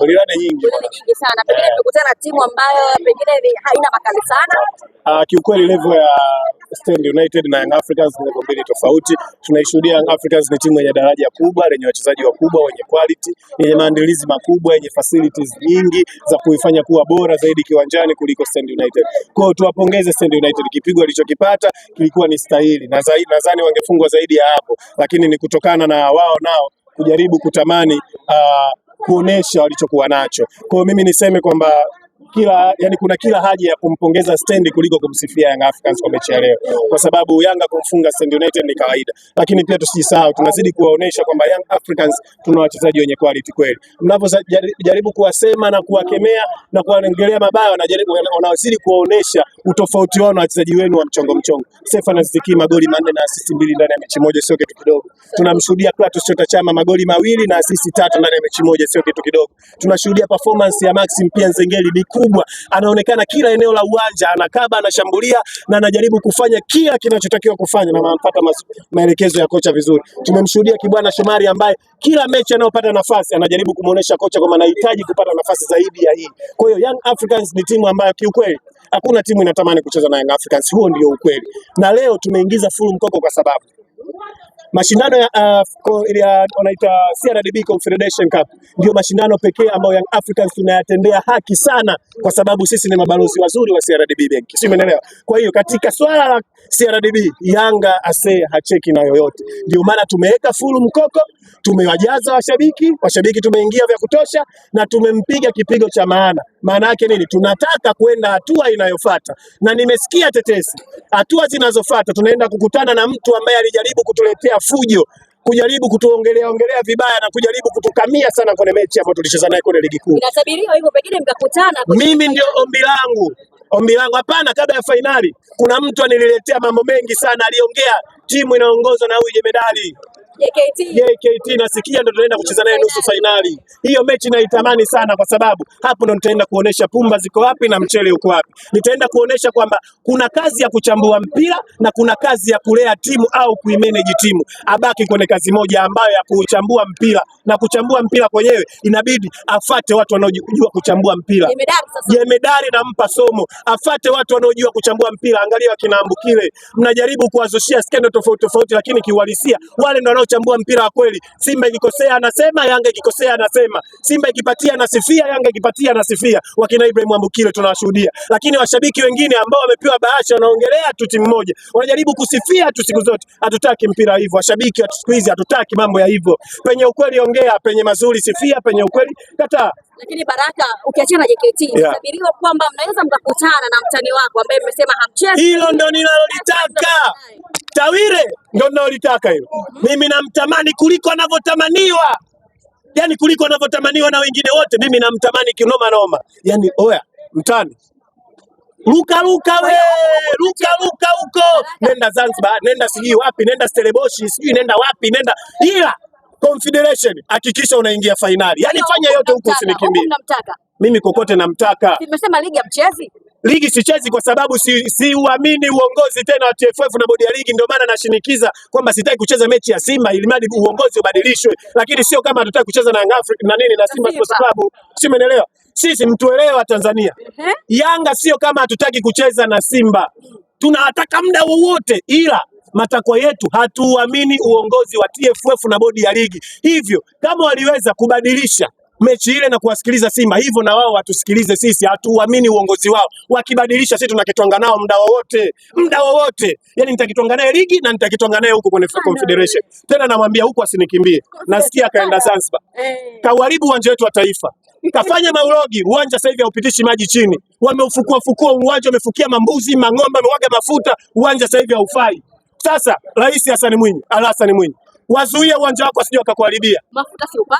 Milioni nyingi nyingi sana. Pengine eh. tumekutana timu ambayo pengine haina makali sana. Uh, kiukweli level ya Stand United na Young Africans ni level mbili tofauti. Tunaishuhudia Young Africans ni timu yenye daraja kubwa lenye wachezaji wakubwa wenye quality, yenye maandalizi makubwa, yenye facilities nyingi za kuifanya kuwa bora zaidi kiwanjani kuliko Stand United. Kwa hiyo tuwapongeze Stand United, kipigo alichokipata kilikuwa ni stahili. Nadhani wangefungwa zaidi ya hapo, lakini ni kutokana na wao nao kujaribu kutamani uh, kuonesha walichokuwa nacho. Kwa hiyo mimi niseme kwamba kila yani, kuna kila haja ya kumpongeza Stendi kuliko kumsifia Young Africans kwa mechi ya leo, kwa sababu Yanga kumfunga Stand United ni kawaida, lakini pia tusijisahau, tunazidi kuwaonesha kwamba Young Africans tuna wachezaji wenye quality kweli. Mnapojaribu kuwasema na kuwakemea na kuwaongelea mabaya, wanazidi kuwaonesha utofauti wao na wachezaji wenu wa mchongo mchongo. Stefan Aziki magoli manne na asisti mbili ndani ya mechi moja, sio kitu kidogo. Tunamshuhudia Clatous Chota Chama magoli mawili na asisti tatu ndani ya mechi moja, sio kitu kidogo. Tunashuhudia performance ya Maxim pia Nzengeli kubwa, anaonekana kila eneo la uwanja, anakaba, anashambulia na anajaribu kufanya kila kinachotakiwa kufanya na anapata maelekezo ya kocha vizuri. Tumemshuhudia Kibwana Shomari ambaye kila mechi anayopata nafasi anajaribu kumuonesha kocha kwamba anahitaji kupata nafasi zaidi ya hii. Kwa hiyo Young Africans ni timu ambayo kiukweli hakuna timu inatamani kucheza na Young Africans, huo ndio ukweli. Na leo tumeingiza full mkoko kwa sababu Mashindano ya uh, wanaita uh, CRDB Confederation Cup ndio mashindano pekee ambayo Young Africans tunayatendea haki sana, kwa sababu sisi ni mabalozi wazuri wa CRDB Bank, si umeelewa? Kwa hiyo katika swala la CRDB Yanga ase hacheki na yoyote, ndio maana tumeweka fulu mkoko, tumewajaza washabiki, washabiki tumeingia vya kutosha, na tumempiga kipigo cha maana. Maana yake nini? Tunataka kwenda hatua inayofuata, na nimesikia tetesi, hatua zinazofuata tunaenda kukutana na mtu ambaye alijaribu kutuletea fujo, kujaribu kutuongelea ongelea vibaya na kujaribu kutukamia sana kwenye mechi ambayo tulicheza naye kwenye ligi kuu. Inatabiriwa hivyo, pengine mkakutana. Mimi ndio ombi langu ombi langu hapana, kabla ya fainali kuna mtu anililetea mambo mengi sana, aliongea timu inaongozwa na huyu jemedali JKT. JKT nasikia ndo tunaenda kucheza naye nusu fainali. Hiyo mechi naitamani sana, kwa sababu hapo ndo nitaenda kuonesha pumba ziko wapi na mchele uko wapi. Nitaenda kuonesha kwamba kuna kazi ya kuchambua mpira na kuna kazi ya kulea timu au kuimanage timu. Abaki kwenye kazi moja ambayo ya kuchambua mpira, na kuchambua mpira kwenyewe inabidi afate watu wanaojua kuchambua mpira. Jemedari nampa somo, afate watu wanaojua kuchambua mpira. Angalia wakina mnajaribu kuwazoshia skendo tofauti tofauti, lakini kiuhalisia wale ndo anaochambua mpira wa kweli. Simba ikikosea anasema, Yanga ikikosea anasema, Simba ikipatia anasifia, Yanga ikipatia anasifia. Wakina Ibrahim Ambukile tunawashuhudia, lakini washabiki wengine ambao wamepewa bahasha wanaongelea tu timu moja, wanajaribu kusifia tu siku zote. Hatutaki mpira hivyo, washabiki wa siku hizi hatutaki mambo ya hivyo. Penye ukweli ongea, penye mazuri sifia, penye ukweli kataa. Lakini Baraka, ukiachana na JKT, yeah. kwamba mnaweza mkakutana na mtani wako ambaye mmesema hamchezi. Hilo ndo ninalolitaka Tawire, ndo ninalolitaka hilo. Mhm. Mimi namtamani kuliko anavyotamaniwa, yani kuliko anavyotamaniwa na wengine wote. Mimi namtamani kinoma noma, yani oya mtani Luka luka we, luka luka huko, nenda Zanzibar, nenda sijui wapi, nenda Stereboshi, sijui nenda wapi, nenda ila Confederation hakikisha unaingia fainali. Yaani fanya yote huko usinikimbie. Mimi kokote namtaka. Nimesema ligi ya mchezi. Ligi sichezi kwa sababu siuamini si uongozi tena wa TFF na bodi ya ligi, ndio maana nashinikiza kwamba sitaki kucheza mechi ya Simba ili mradi uongozi ubadilishwe, lakini sio kama tutaki kucheza na Yanga na nini na Simba Sports Club, si umeelewa? Sisi mtuelewa Tanzania. Eh? Yanga sio kama hatutaki kucheza na Simba, tunawataka muda wowote, ila matakwa yetu, hatuamini uongozi wa TFF na bodi ya ligi. Hivyo kama waliweza kubadilisha mechi ile na kuwasikiliza Simba, hivyo na wao watusikilize sisi. Hatuamini uongozi wao, wakibadilisha sisi tunakitwanga nao muda wowote, muda wowote. Yani nitakitwanga naye ligi na nitakitwanga naye huko kwenye Confederation. Tena namwambia huko asinikimbie, nasikia kaenda Zanzibar, eh. kawaribu uwanja wetu wa Taifa, kafanya maulogi uwanja. Sasa hivi haupitishi maji chini, wameufukua fukua uwanja, wamefukia mambuzi, mang'ombe, wamemwaga mafuta uwanja, sasa hivi haufai. Sasa Rais Hassan Mwinyi, Ala Hassan Mwinyi, wazuie uwanja wako wasije wakakuharibia.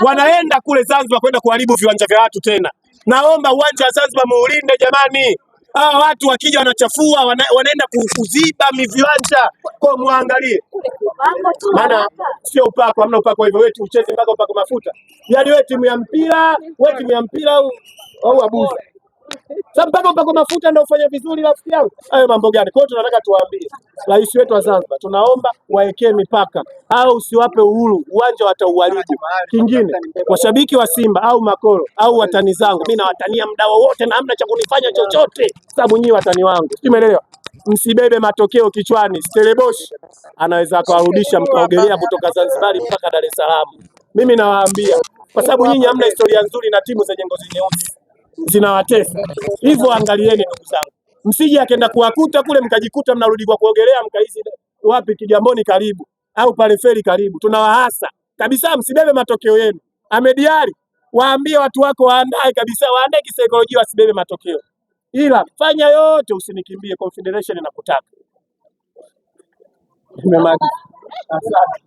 Wanaenda kule Zanzibar kwenda kuharibu viwanja vya watu tena. Naomba uwanja wa Zanzibar muulinde jamani. Hawa watu wakija wanachafua wana, wanaenda kuziba miviwanja kwa muangalie. Maana sio upako, hamna upako hivyo. wetu ucheze mpaka upako mafuta. Yaani wewe timu ya mpira, wewe timu ya mpira au au abuza. Sasa mpaka mpaka mafuta ndio ufanya vizuri rafiki yangu. Hayo mambo gani? Kwa hiyo tunataka tuwaambie rais wetu wa Zanzibar, tunaomba waekee mipaka au usiwape uhuru, uwanja watauharibu. Kingine, washabiki wa Simba au Makoro au watani zangu, mimi nawatania muda wowote na hamna cha kunifanya chochote, sababu nyinyi watani wangu, umeelewa? Msibebe matokeo kichwani. Stereboss anaweza akawarudisha mkaogelea kutoka Zanzibar mpaka Dar es Salaam. Mimi nawaambia, kwa sababu nyinyi hamna historia nzuri na timu zenye ngozi nyeusi zinawatesa. Hivyo angalieni ndugu zangu, msije akaenda kuwakuta kule mkajikuta mnarudi kwa kuogelea mkaizi wapi, Kigamboni karibu au pale feri karibu. tunawahasa kabisa, msibebe matokeo yenu. Amediari, waambie watu wako waandae kabisa, waandae kisaikolojia, wasibebe matokeo, ila fanya yote usinikimbie. Confederation inakutaka. Asante.